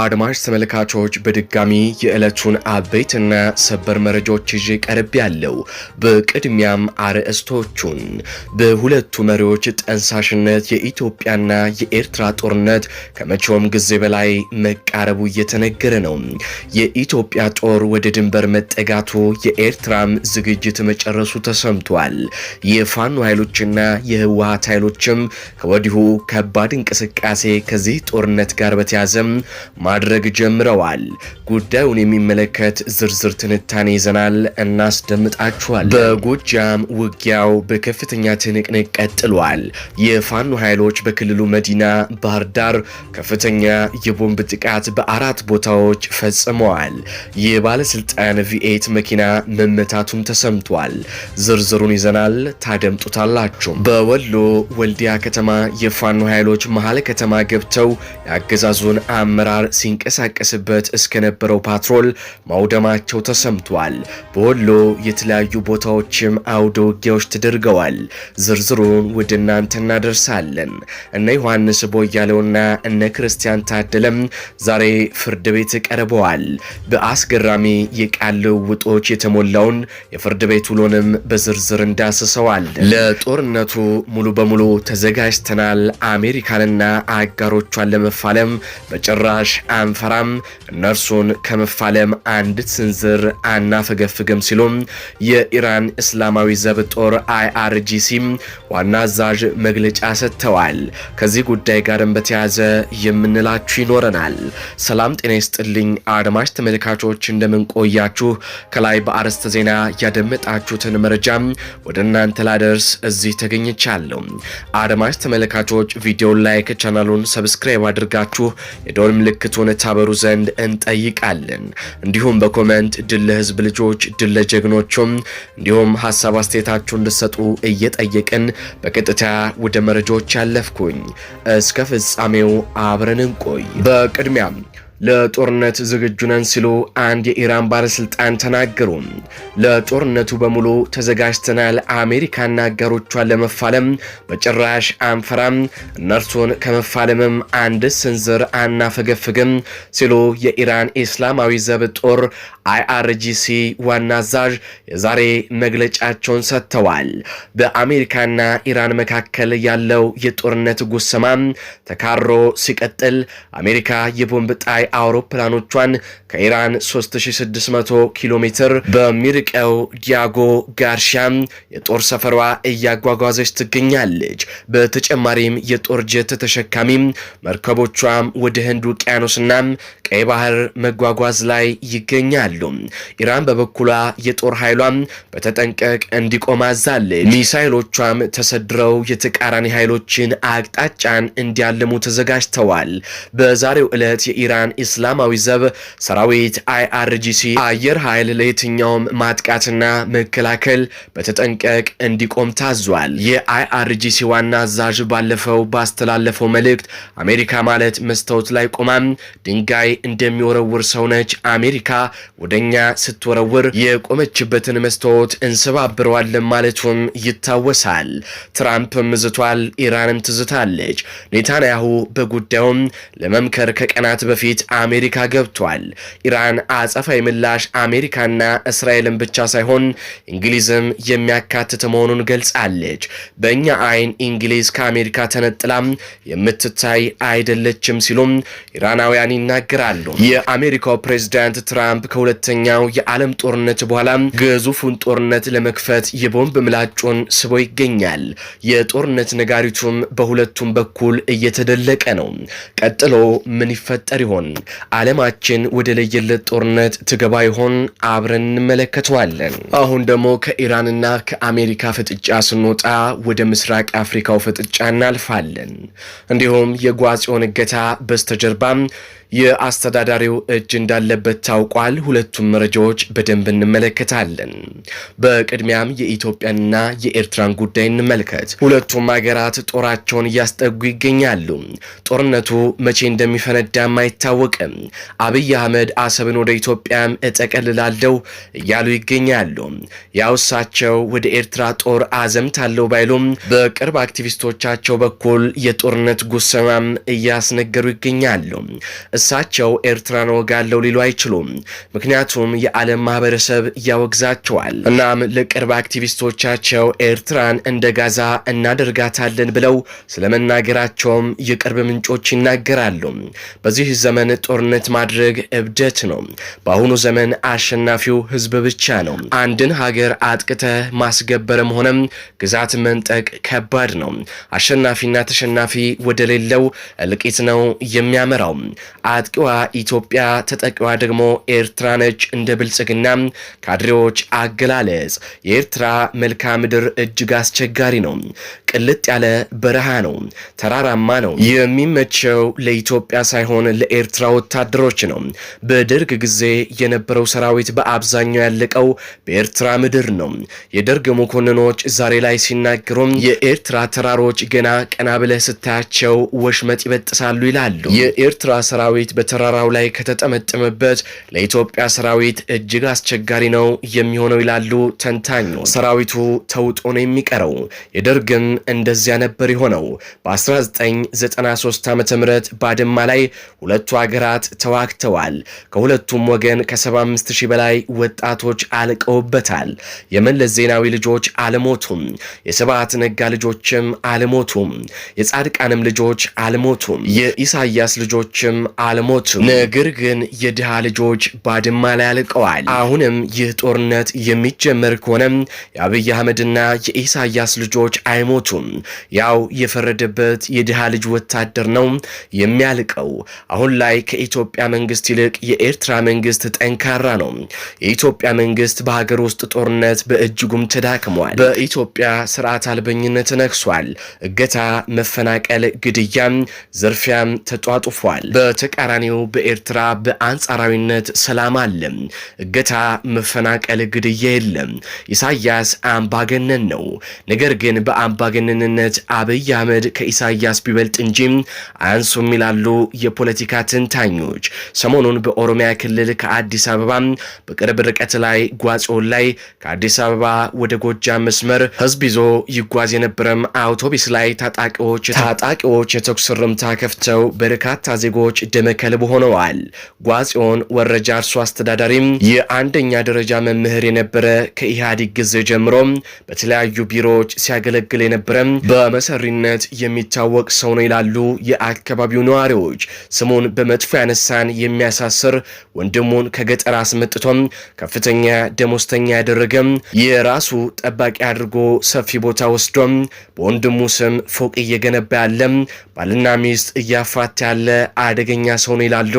አድማጭ ተመልካቾች በድጋሚ የዕለቱን አበይትና ሰበር መረጃዎች ይዤ ቀርብ ያለው። በቅድሚያም አርዕስቶቹን በሁለቱ መሪዎች ጠንሳሽነት የኢትዮጵያና የኤርትራ ጦርነት ከመቼውም ጊዜ በላይ መቃረቡ እየተነገረ ነው። የኢትዮጵያ ጦር ወደ ድንበር መጠጋቱ፣ የኤርትራም ዝግጅት መጨረሱ ተሰምቷል። የፋኖ ኃይሎችና የህወሀት ኃይሎችም ከወዲሁ ከባድ እንቅስቃሴ ከዚህ ጦርነት ጋር በተያዘም ማድረግ ጀምረዋል። ጉዳዩን የሚመለከት ዝርዝር ትንታኔ ይዘናል፣ እናስደምጣችኋል። በጎጃም ውጊያው በከፍተኛ ትንቅንቅ ቀጥሏል። የፋኖ ኃይሎች በክልሉ መዲና ባህር ዳር ከፍተኛ የቦምብ ጥቃት በአራት ቦታዎች ፈጽመዋል። የባለስልጣን ቪኤት መኪና መመታቱም ተሰምቷል። ዝርዝሩን ይዘናል፣ ታደምጡታላችሁ። በወሎ ወልዲያ ከተማ የፋኖ ኃይሎች መሀል ከተማ ገብተው የአገዛዙን አመራር ሲንቀሳቀስበት እስከነበረው ፓትሮል ማውደማቸው ተሰምቷል። በወሎ የተለያዩ ቦታዎችም አውደ ውጊያዎች ተደርገዋል። ዝርዝሩን ወደ እናንተ እናደርሳለን። እነ ዮሐንስ ቦያለውና እነ ክርስቲያን ታደለም ዛሬ ፍርድ ቤት ቀርበዋል። በአስገራሚ የቃል ልውውጦች የተሞላውን የፍርድ ቤት ውሎንም በዝርዝር እንዳስሰዋል። ለጦርነቱ ሙሉ በሙሉ ተዘጋጅተናል፣ አሜሪካንና አጋሮቿን ለመፋለም በጭራሽ አንፈራም፣ እነርሱን ከመፋለም አንዲት ስንዝር አናፈገፍግም ሲሉም የኢራን እስላማዊ ዘብ ጦር አይአርጂሲ ዋና አዛዥ መግለጫ ሰጥተዋል። ከዚህ ጉዳይ ጋርም በተያያዘ የምንላችሁ ይኖረናል። ሰላም ጤና ይስጥልኝ አድማጭ ተመልካቾች፣ እንደምንቆያችሁ ከላይ በአርዕስተ ዜና ያደመጣችሁትን መረጃ ወደ እናንተ ላደርስ እዚህ ተገኝቻለሁ። አድማጭ ተመልካቾች ቪዲዮን ላይክ፣ ቻናሉን ሰብስክራይብ አድርጋችሁ የደወል ምልክ ምልክቱን ታበሩ ዘንድ እንጠይቃለን። እንዲሁም በኮመንት ድል ለህዝብ ልጆች፣ ድል ለጀግኖቹም እንዲሁም ሀሳብ አስተያየታችሁ እንድሰጡ እየጠየቅን በቀጥታ ወደ መረጃዎች ያለፍኩኝ እስከ ፍጻሜው አብረን እንቆይ። በቅድሚያም ለጦርነት ዝግጁ ነን ሲሉ አንድ የኢራን ባለስልጣን ተናገሩ። ለጦርነቱ በሙሉ ተዘጋጅተናል፣ አሜሪካና አጋሮቿን ለመፋለም በጭራሽ አንፈራም፣ እነርሱን ከመፋለምም አንድ ስንዝር አናፈገፍግም ሲሉ የኢራን ኢስላማዊ ዘብ ጦር አይአርጂሲ ዋና አዛዥ የዛሬ መግለጫቸውን ሰጥተዋል። በአሜሪካና ኢራን መካከል ያለው የጦርነት ጉሰማ ተካሮ ሲቀጥል አሜሪካ የቦምብ ጣይ አውሮፕላኖቿን ከኢራን 3600 ኪሎ ሜትር በሚርቀው ዲያጎ ጋርሻ የጦር ሰፈሯ እያጓጓዘች ትገኛለች። በተጨማሪም የጦር ጀት ተሸካሚም መርከቦቿም ወደ ህንድ ውቅያኖስና ቀይ ባህር መጓጓዝ ላይ ይገኛሉ። ኢራን በበኩሏ የጦር ኃይሏም በተጠንቀቅ እንዲቆም አዛለች። ሚሳይሎቿም ተሰድረው የተቃራኒ ኃይሎችን አቅጣጫን እንዲያልሙ ተዘጋጅተዋል። በዛሬው ዕለት የኢራን ሱዳን ኢስላማዊ ዘብ ሰራዊት አይአርጂሲ አየር ኃይል ለየትኛውም ማጥቃትና መከላከል በተጠንቀቅ እንዲቆም ታዟል። የአይአርጂሲ ዋና አዛዥ ባለፈው ባስተላለፈው መልእክት አሜሪካ ማለት መስታወት ላይ ቆማም ድንጋይ እንደሚወረውር ሰው ነች። አሜሪካ ወደኛ ስትወረውር የቆመችበትን መስታወት እንሰባብረዋለን ማለቱም ይታወሳል። ትራምፕም ዝቷል፣ ኢራንም ትዝታለች። ኔታንያሁ በጉዳዩም ለመምከር ከቀናት በፊት አሜሪካ ገብቷል። ኢራን አጸፋዊ ምላሽ አሜሪካና እስራኤልን ብቻ ሳይሆን እንግሊዝም የሚያካትት መሆኑን ገልጻለች። በእኛ አይን እንግሊዝ ከአሜሪካ ተነጥላም የምትታይ አይደለችም ሲሉም ኢራናውያን ይናገራሉ። የአሜሪካው ፕሬዚዳንት ትራምፕ ከሁለተኛው የዓለም ጦርነት በኋላ ግዙፉን ጦርነት ለመክፈት የቦምብ ምላጩን ስቦ ይገኛል። የጦርነት ነጋሪቱም በሁለቱም በኩል እየተደለቀ ነው። ቀጥሎ ምን ይፈጠር ይሆን? አለማችን ወደ ለየለት ጦርነት ትገባ ይሆን? አብረን እንመለከተዋለን። አሁን ደግሞ ከኢራንና ከአሜሪካ ፍጥጫ ስንወጣ ወደ ምስራቅ አፍሪካው ፍጥጫ እናልፋለን። እንዲሁም የጓጽዮን እገታ በስተጀርባም የአስተዳዳሪው እጅ እንዳለበት ታውቋል። ሁለቱም መረጃዎች በደንብ እንመለከታለን። በቅድሚያም የኢትዮጵያንና የኤርትራን ጉዳይ እንመልከት። ሁለቱም ሀገራት ጦራቸውን እያስጠጉ ይገኛሉ። ጦርነቱ መቼ እንደሚፈነዳም አይታወቅም። አብይ አህመድ አሰብን ወደ ኢትዮጵያም እጠቀልላለው እያሉ ይገኛሉ። ያው እሳቸው ወደ ኤርትራ ጦር አዘምታለሁ ባይሉም በቅርብ አክቲቪስቶቻቸው በኩል የጦርነት ጉሰማም እያስነገሩ ይገኛሉ። እሳቸው ኤርትራን ወጋለው ሊሉ አይችሉም። ምክንያቱም የዓለም ማህበረሰብ ያወግዛቸዋል። እናም ለቅርብ አክቲቪስቶቻቸው ኤርትራን እንደ ጋዛ እናደርጋታለን ብለው ስለመናገራቸውም የቅርብ ምንጮች ይናገራሉ። በዚህ ዘመን ጦርነት ማድረግ እብደት ነው። በአሁኑ ዘመን አሸናፊው ህዝብ ብቻ ነው። አንድን ሀገር አጥቅተ ማስገበርም ሆነም ግዛት መንጠቅ ከባድ ነው። አሸናፊና ተሸናፊ ወደሌለው እልቂት ነው የሚያመራው። አጥቂዋ ኢትዮጵያ ተጠቂዋ ደግሞ ኤርትራ ነች። እንደ ብልጽግና ካድሬዎች አገላለጽ የኤርትራ መልክዓ ምድር እጅግ አስቸጋሪ ነው። ቅልጥ ያለ በረሃ ነው፣ ተራራማ ነው። የሚመቸው ለኢትዮጵያ ሳይሆን ለኤርትራ ወታደሮች ነው። በደርግ ጊዜ የነበረው ሰራዊት በአብዛኛው ያለቀው በኤርትራ ምድር ነው። የደርግ መኮንኖች ዛሬ ላይ ሲናገሩም የኤርትራ ተራሮች ገና ቀና ብለህ ስታያቸው ወሽመጥ ይበጥሳሉ ይላሉ። የኤርትራ ሰራዊት ሰራዊት በተራራው ላይ ከተጠመጠመበት ለኢትዮጵያ ሰራዊት እጅግ አስቸጋሪ ነው የሚሆነው ይላሉ ተንታኙ። ሰራዊቱ ተውጦ ነው የሚቀረው። የደርግም እንደዚያ ነበር የሆነው። በ1993 ዓ ም ባድማ ላይ ሁለቱ ሀገራት ተዋግተዋል። ከሁለቱም ወገን ከ75000 በላይ ወጣቶች አልቀውበታል። የመለስ ዜናዊ ልጆች አልሞቱም። የስብሃት ነጋ ልጆችም አልሞቱም። የጻድቃንም ልጆች አልሞቱም። የኢሳያስ ልጆችም አልሞቱም። ነገር ግን የድሃ ልጆች ባድማ ላይ አልቀዋል። አሁንም ይህ ጦርነት የሚጀመር ከሆነም የአብይ አህመድና የኢሳያስ ልጆች አይሞቱም። ያው የፈረደበት የድሃ ልጅ ወታደር ነው የሚያልቀው። አሁን ላይ ከኢትዮጵያ መንግስት ይልቅ የኤርትራ መንግስት ጠንካራ ነው። የኢትዮጵያ መንግስት በሀገር ውስጥ ጦርነት በእጅጉም ተዳክሟል። በኢትዮጵያ ስርዓት አልበኝነት ነግሷል። እገታ፣ መፈናቀል፣ ግድያም፣ ዝርፊያም ተጧጡፏል። በተቃራኒው በኤርትራ በአንጻራዊነት ሰላም አለ። እገታ፣ መፈናቀል፣ ግድያ የለም። ኢሳያስ አምባገነን ነው። ነገር ግን በአምባገነንነት አብይ አህመድ ከኢሳያስ ቢበልጥ እንጂ አያንሱም ይላሉ የፖለቲካ ተንታኞች። ሰሞኑን በኦሮሚያ ክልል ከአዲስ አበባ በቅርብ ርቀት ላይ ጓጽዮን ላይ ከአዲስ አበባ ወደ ጎጃም መስመር ህዝብ ይዞ ይጓዝ የነበረም አውቶቢስ ላይ ታጣቂዎች ታጣቂዎች የተኩስ ርምታ ከፍተው በርካታ ዜጎች የመከልብ ሆነዋል። ጓጽዮን ወረጃ አርሶ አስተዳዳሪም የአንደኛ ደረጃ መምህር የነበረ ከኢህአዴግ ጊዜ ጀምሮ በተለያዩ ቢሮዎች ሲያገለግል የነበረ በመሰሪነት የሚታወቅ ሰው ነው ይላሉ የአካባቢው ነዋሪዎች። ስሙን በመጥፎ ያነሳን የሚያሳስር ወንድሙን ከገጠር አስመጥቶም ከፍተኛ ደሞዝተኛ ያደረገም የራሱ ጠባቂ አድርጎ ሰፊ ቦታ ወስዶም በወንድሙ ስም ፎቅ እየገነባ ያለም ባልና ሚስት እያፋት ያለ አደገኛ ሰው ነው ይላሉ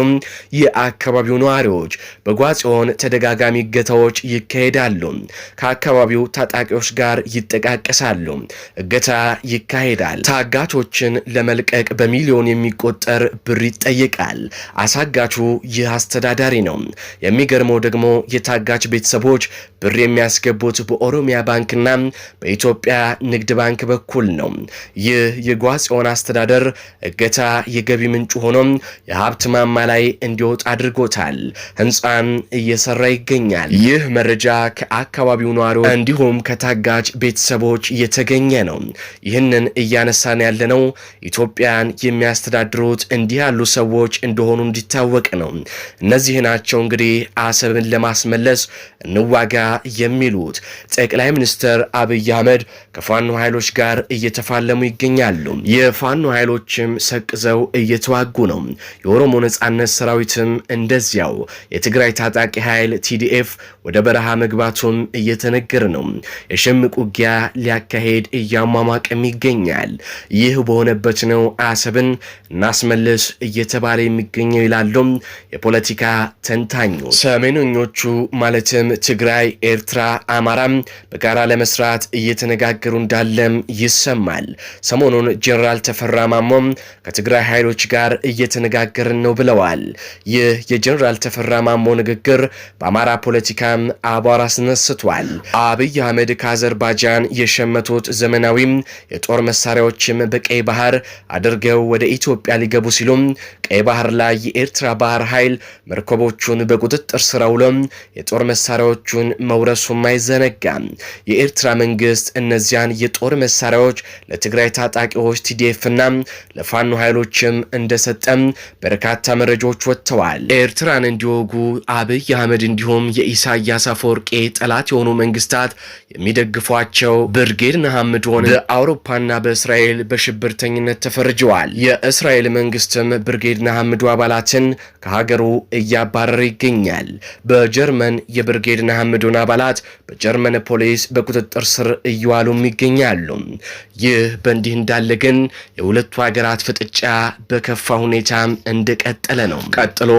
የአካባቢው ነዋሪዎች። በጓጽዮን ተደጋጋሚ እገታዎች ይካሄዳሉ። ከአካባቢው ታጣቂዎች ጋር ይጠቃቀሳሉ። እገታ ይካሄዳል። ታጋቾችን ለመልቀቅ በሚሊዮን የሚቆጠር ብር ይጠየቃል። አሳጋቹ ይህ አስተዳዳሪ ነው። የሚገርመው ደግሞ የታጋች ቤተሰቦች ብር የሚያስገቡት በኦሮሚያ ባንክና በኢትዮጵያ ንግድ ባንክ በኩል ነው። ይህ የጓጽዮን አስተዳደር በመጨመር እገታ የገቢ ምንጩ ሆኖም የሀብት ማማ ላይ እንዲወጥ አድርጎታል። ህንፃም እየሰራ ይገኛል። ይህ መረጃ ከአካባቢው ነዋሪዎች እንዲሁም ከታጋጅ ቤተሰቦች የተገኘ ነው። ይህንን እያነሳን ያለነው ኢትዮጵያን የሚያስተዳድሩት እንዲህ ያሉ ሰዎች እንደሆኑ እንዲታወቅ ነው። እነዚህ ናቸው እንግዲህ አሰብን ለማስመለስ እንዋጋ የሚሉት ጠቅላይ ሚኒስትር አብይ አህመድ ከፋኖ ኃይሎች ጋር እየተፋለሙ ይገኛሉ። የፋኖ ኃይሎች ኃይሎችም ሰቅዘው እየተዋጉ ነው። የኦሮሞ ነጻነት ሰራዊትም እንደዚያው የትግራይ ታጣቂ ኃይል ቲዲኤፍ ወደ በረሃ መግባቱም እየተነገረ ነው። የሽምቅ ውጊያ ሊያካሄድ እያሟሟቀም ይገኛል። ይህ በሆነበት ነው አሰብን እናስመልስ እየተባለ የሚገኘው ይላሉ የፖለቲካ ተንታኞች። ሰሜነኞቹ ማለትም ትግራይ፣ ኤርትራ፣ አማራም በጋራ ለመስራት እየተነጋገሩ እንዳለም ይሰማል። ሰሞኑን ጀኔራል ተፈራ ማሞም ከትግራይ ኃይሎች ጋር እየተነጋገርን ነው ብለዋል። ይህ የጀኔራል ተፈራ ማሞ ንግግር በአማራ ፖለቲካ አቧራ አስነስቷል። አብይ አህመድ ከአዘርባጃን የሸመቱት ዘመናዊም የጦር መሳሪያዎችም በቀይ ባህር አድርገው ወደ ኢትዮጵያ ሊገቡ ሲሉም ቀይ ባህር ላይ የኤርትራ ባህር ኃይል መርከቦቹን በቁጥጥር ስር አውሎ የጦር መሳሪያዎቹን መውረሱም አይዘነጋም። የኤርትራ መንግስት እነዚያን የጦር መሳሪያዎች ለትግራይ ታጣቂዎች ቲዲኤፍና ለፋኖ ኃይሎችም እንደሰጠም በርካታ መረጃዎች ወጥተዋል። ኤርትራን እንዲወጉ አብይ አህመድ እንዲሁም የኢሳይ ኢሳያስ አፈወርቄ ጠላት የሆኑ መንግስታት የሚደግፏቸው ብርጌድ ነሐምድ በአውሮፓና በእስራኤል በሽብርተኝነት ተፈርጀዋል። የእስራኤል መንግስትም ብርጌድ ነሐምዱ አባላትን ከሀገሩ እያባረረ ይገኛል። በጀርመን የብርጌድ ነሐምዱን አባላት በጀርመን ፖሊስ በቁጥጥር ስር እየዋሉም ይገኛሉ። ይህ በእንዲህ እንዳለ ግን የሁለቱ ሀገራት ፍጥጫ በከፋ ሁኔታም እንደቀጠለ ነው። ቀጥሎ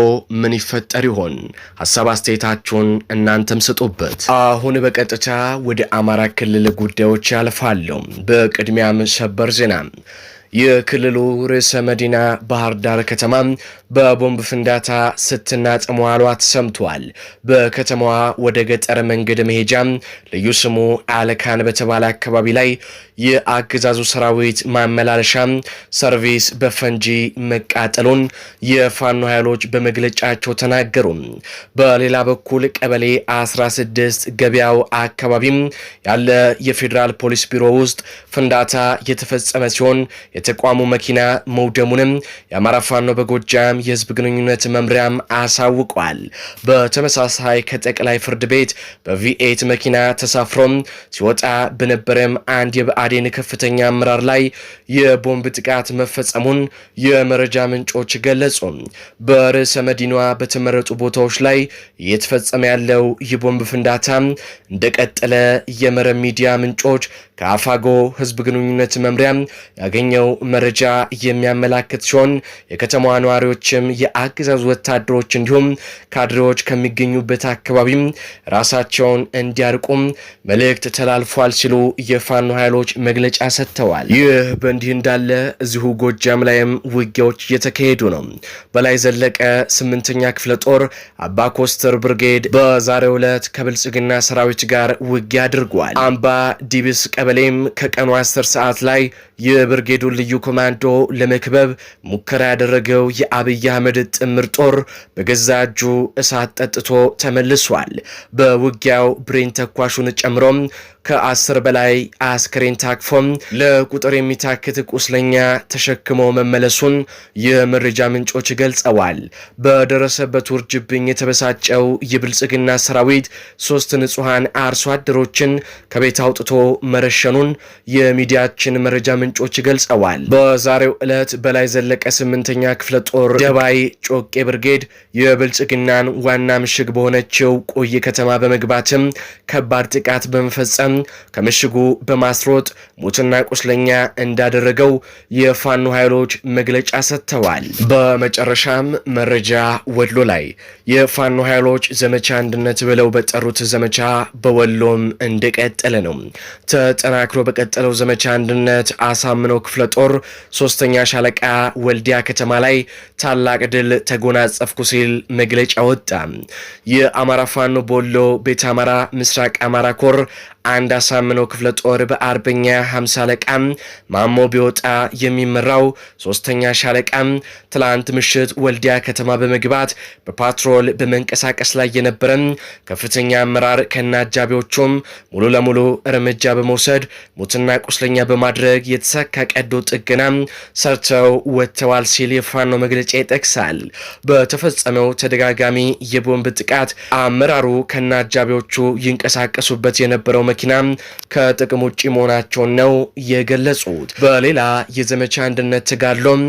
ምን ይፈጠር ይሆን? ሀሳብ አስተያየታችሁን እና እናንተም ስጡበት። አሁን በቀጥታ ወደ አማራ ክልል ጉዳዮች ያልፋለሁ። በቅድሚያም ሰበር ዜና የክልሉ ርዕሰ መዲና ባህር ዳር ከተማ በቦምብ ፍንዳታ ስትናጥ መዋሏ ተሰምቷል። በከተማዋ ወደ ገጠር መንገድ መሄጃ ልዩ ስሙ አለካን በተባለ አካባቢ ላይ የአገዛዙ ሰራዊት ማመላለሻ ሰርቪስ በፈንጂ መቃጠሉን የፋኖ ኃይሎች በመግለጫቸው ተናገሩ። በሌላ በኩል ቀበሌ 16 ገበያው አካባቢም ያለ የፌዴራል ፖሊስ ቢሮ ውስጥ ፍንዳታ የተፈጸመ ሲሆን የተቋሙ መኪና መውደሙንም የአማራ ፋኖ በጎጃም የህዝብ ግንኙነት መምሪያም አሳውቋል። በተመሳሳይ ከጠቅላይ ፍርድ ቤት በቪኤት መኪና ተሳፍሮም ሲወጣ በነበረም አንድ የብአዴን ከፍተኛ አመራር ላይ የቦምብ ጥቃት መፈጸሙን የመረጃ ምንጮች ገለጹ። በርዕሰ መዲኗ በተመረጡ ቦታዎች ላይ እየተፈጸመ ያለው የቦምብ ፍንዳታ እንደቀጠለ የመረብ ሚዲያ ምንጮች ከአፋጎ ህዝብ ግንኙነት መምሪያ ያገኘው መረጃ የሚያመላክት ሲሆን የከተማዋ ነዋሪዎችም የአገዛዙ ወታደሮች እንዲሁም ካድሬዎች ከሚገኙበት አካባቢም ራሳቸውን እንዲያርቁም መልእክት ተላልፏል ሲሉ የፋኖ ኃይሎች መግለጫ ሰጥተዋል። ይህ በእንዲህ እንዳለ እዚሁ ጎጃም ላይም ውጊያዎች እየተካሄዱ ነው። በላይ ዘለቀ ስምንተኛ ክፍለ ጦር አባ ኮስተር ብርጌድ በዛሬው ዕለት ከብልጽግና ሰራዊት ጋር ውጊያ አድርጓል። አምባ ዲቢስ ቀበሌም ከቀኑ 10 ሰዓት ላይ የብርጌዱን ልዩ ኮማንዶ ለመክበብ ሙከራ ያደረገው የአብይ አህመድ ጥምር ጦር በገዛ እጁ እሳት ጠጥቶ ተመልሷል። በውጊያው ብሬን ተኳሹን ጨምሮም ከአስር በላይ አስክሬን ታቅፎም ለቁጥር የሚታክት ቁስለኛ ተሸክሞ መመለሱን የመረጃ ምንጮች ገልጸዋል። በደረሰበት ውርጅብኝ የተበሳጨው የብልጽግና ሰራዊት ሶስት ንጹሐን አርሶ አደሮችን ከቤት አውጥቶ መረሸኑን የሚዲያችን መረጃ ምንጮች ገልጸዋል። በዛሬው ዕለት በላይ ዘለቀ ስምንተኛ ክፍለ ጦር ደባይ ጮቄ ብርጌድ የብልጽግናን ዋና ምሽግ በሆነችው ቆይ ከተማ በመግባትም ከባድ ጥቃት በመፈጸም ከምሽጉ በማስሮጥ ሙትና ቁስለኛ እንዳደረገው የፋኖ ኃይሎች መግለጫ ሰጥተዋል። በመጨረሻም መረጃ ወሎ ላይ የፋኖ ኃይሎች ዘመቻ አንድነት ብለው በጠሩት ዘመቻ በወሎም እንደቀጠለ ነው። ተጠናክሮ በቀጠለው ዘመቻ አንድነት አሳምነው ክፍለ ጦር ሶስተኛ ሻለቃ ወልዲያ ከተማ ላይ ታላቅ ድል ተጎናጸፍኩ ሲል መግለጫ ወጣ። የአማራ ፋኖ ቦሎ ቤተ አማራ ምስራቅ አማራ ኮር አሳምነው ክፍለ ጦር በአርበኛ 50 አለቃ ማሞ ቢወጣ የሚመራው ሶስተኛ ሻለቃ ትላንት ምሽት ወልዲያ ከተማ በመግባት በፓትሮል በመንቀሳቀስ ላይ የነበረን ከፍተኛ አመራር ከነአጃቢዎቹም ሙሉ ለሙሉ እርምጃ በመውሰድ ሙትና ቁስለኛ በማድረግ የተሳካ ቀዶ ጥገና ሰርተው ወጥተዋል ሲል የፋኖ መግለጫ ይጠቅሳል። በተፈጸመው ተደጋጋሚ የቦምብ ጥቃት አመራሩ ከነአጃቢዎቹ ይንቀሳቀሱበት የነበረው መኪና ከጥቅም ውጭ መሆናቸውን ነው የገለጹት። በሌላ የዘመቻ አንድነት ተጋድሎም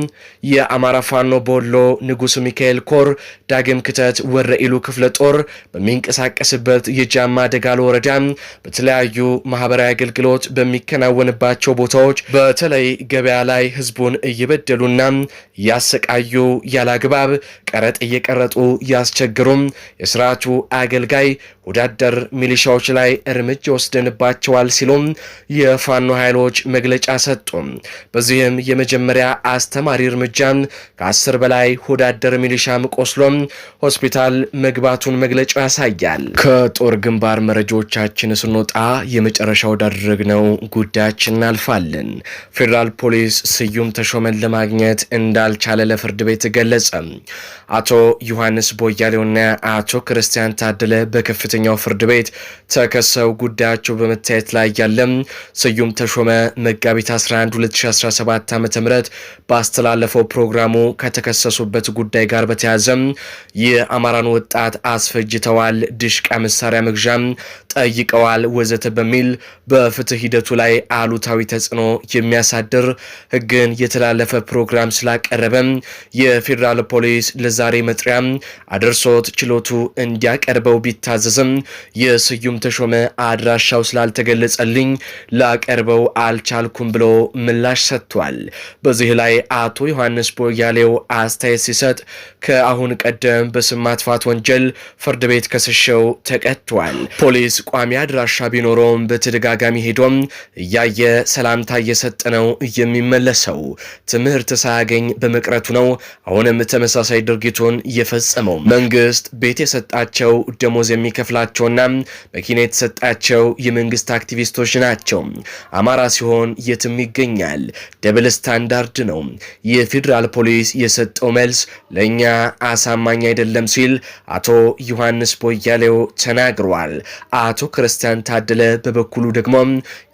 የአማራ ፋኖ በወሎ ንጉስ ሚካኤል ኮር ዳግም ክተት ወረኢሉ ክፍለ ጦር በሚንቀሳቀስበት የጃማ ደጋሎ ወረዳ በተለያዩ ማህበራዊ አገልግሎት በሚከናወንባቸው ቦታዎች በተለይ ገበያ ላይ ህዝቡን እየበደሉና እያሰቃዩ ያላግባብ ቀረጥ እየቀረጡ ያስቸግሩም የስርዓቱ አገልጋይ ወዳደር ሚሊሻዎች ላይ እርምጃ ወስደን ይገባቸዋል ሲሉም የፋኖ ኃይሎች መግለጫ ሰጡ። በዚህም የመጀመሪያ አስተማሪ እርምጃ ከአስር በላይ ሆዳደር ሚሊሻም ቆስሎም ሆስፒታል መግባቱን መግለጫው ያሳያል። ከጦር ግንባር መረጃዎቻችን ስንወጣ የመጨረሻው ወዳደረግነው ጉዳያችን እናልፋለን። ፌዴራል ፖሊስ ስዩም ተሾመን ለማግኘት እንዳልቻለ ለፍርድ ቤት ገለጸ። አቶ ዮሐንስ ቦያሌውና አቶ ክርስቲያን ታደለ በከፍተኛው ፍርድ ቤት ተከሰው ጉዳያቸው በመታየት ላይ ያለም ስዩም ተሾመ መጋቢት 11 2017 ዓ ም ባስተላለፈው ፕሮግራሙ ከተከሰሱበት ጉዳይ ጋር በተያያዘ የአማራን ወጣት አስፈጅተዋል፣ ድሽቃ መሳሪያ መግዣም ጠይቀዋል፣ ወዘተ በሚል በፍትህ ሂደቱ ላይ አሉታዊ ተጽዕኖ የሚያሳድር ህግን የተላለፈ ፕሮግራም ስላቀረበ የፌዴራል ፖሊስ ለዛሬ መጥሪያ አድርሶት ችሎቱ እንዲያቀርበው ቢታዘዝም የስዩም ተሾመ አድራሻው ስላልተገለጸልኝ ላቀርበው አልቻልኩም ብሎ ምላሽ ሰጥቷል። በዚህ ላይ አቶ ዮሐንስ ቦያሌው አስተያየት ሲሰጥ ከአሁን ቀደም በስም ማጥፋት ወንጀል ፍርድ ቤት ከስሸው ተቀጥቷል። ፖሊስ ቋሚ አድራሻ ቢኖረውም በተደጋጋሚ ሄዶም እያየ ሰላምታ እየሰጠ ነው የሚመለሰው። ትምህርት ሳያገኝ በመቅረቱ ነው አሁንም ተመሳሳይ ድርጊቱን የፈጸመው። መንግስት ቤት የሰጣቸው ደሞዝ የሚከፍላቸውና መኪና የተሰጣቸው የመንግስት አክቲቪስቶች ናቸው። አማራ ሲሆን የትም ይገኛል። ደብል ስታንዳርድ ነው። የፌዴራል ፖሊስ የሰጠው መልስ ለእኛ አሳማኝ አይደለም ሲል አቶ ዮሐንስ ቦያሌው ተናግሯል። አቶ ክርስቲያን ታደለ በበኩሉ ደግሞ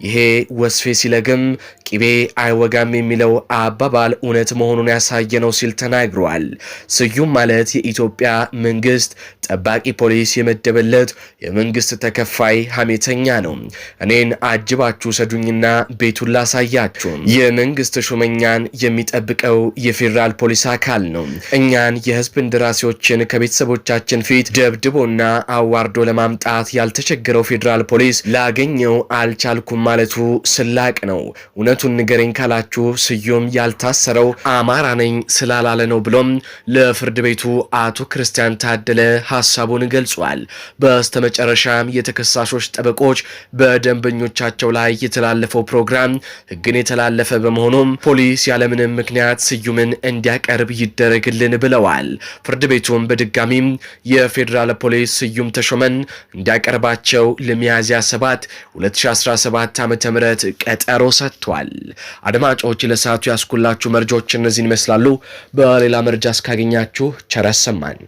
ይሄ ወስፌ ሲለግም ቂቤ አይወጋም የሚለው አባባል እውነት መሆኑን ያሳየ ነው ሲል ተናግሯል። ስዩም ማለት የኢትዮጵያ መንግስት ጠባቂ ፖሊስ የመደበለት የመንግስት ተከፋይ ሐሜተኛ ነው። ነው። እኔን አጅባችሁ ሰዱኝና ቤቱን ላሳያችሁ። የመንግስት ሹመኛን የሚጠብቀው የፌዴራል ፖሊስ አካል ነው። እኛን የህዝብ እንደራሴዎችን ከቤተሰቦቻችን ፊት ደብድቦና አዋርዶ ለማምጣት ያልተቸገረው ፌዴራል ፖሊስ ላገኘው አልቻልኩም ማለቱ ስላቅ ነው። እውነቱን ንገረኝ ካላችሁ ስዩም ያልታሰረው አማራ ነኝ ስላላለ ነው ብሎም ለፍርድ ቤቱ አቶ ክርስቲያን ታደለ ሀሳቡን ገልጿል። በስተመጨረሻም የተከሳሾች ጠበቆች በደንበኞቻቸው ላይ የተላለፈው ፕሮግራም ህግን የተላለፈ በመሆኑም ፖሊስ ያለምንም ምክንያት ስዩምን እንዲያቀርብ ይደረግልን ብለዋል። ፍርድ ቤቱም በድጋሚም የፌዴራል ፖሊስ ስዩም ተሾመን እንዲያቀርባቸው ለሚያዝያ 7 2017 ዓ ም ቀጠሮ ሰጥቷል። አድማጮች ለሰዓቱ ያስኩላችሁ መረጃዎች እነዚህን ይመስላሉ። በሌላ መረጃ እስካገኛችሁ ቸር ያሰማን።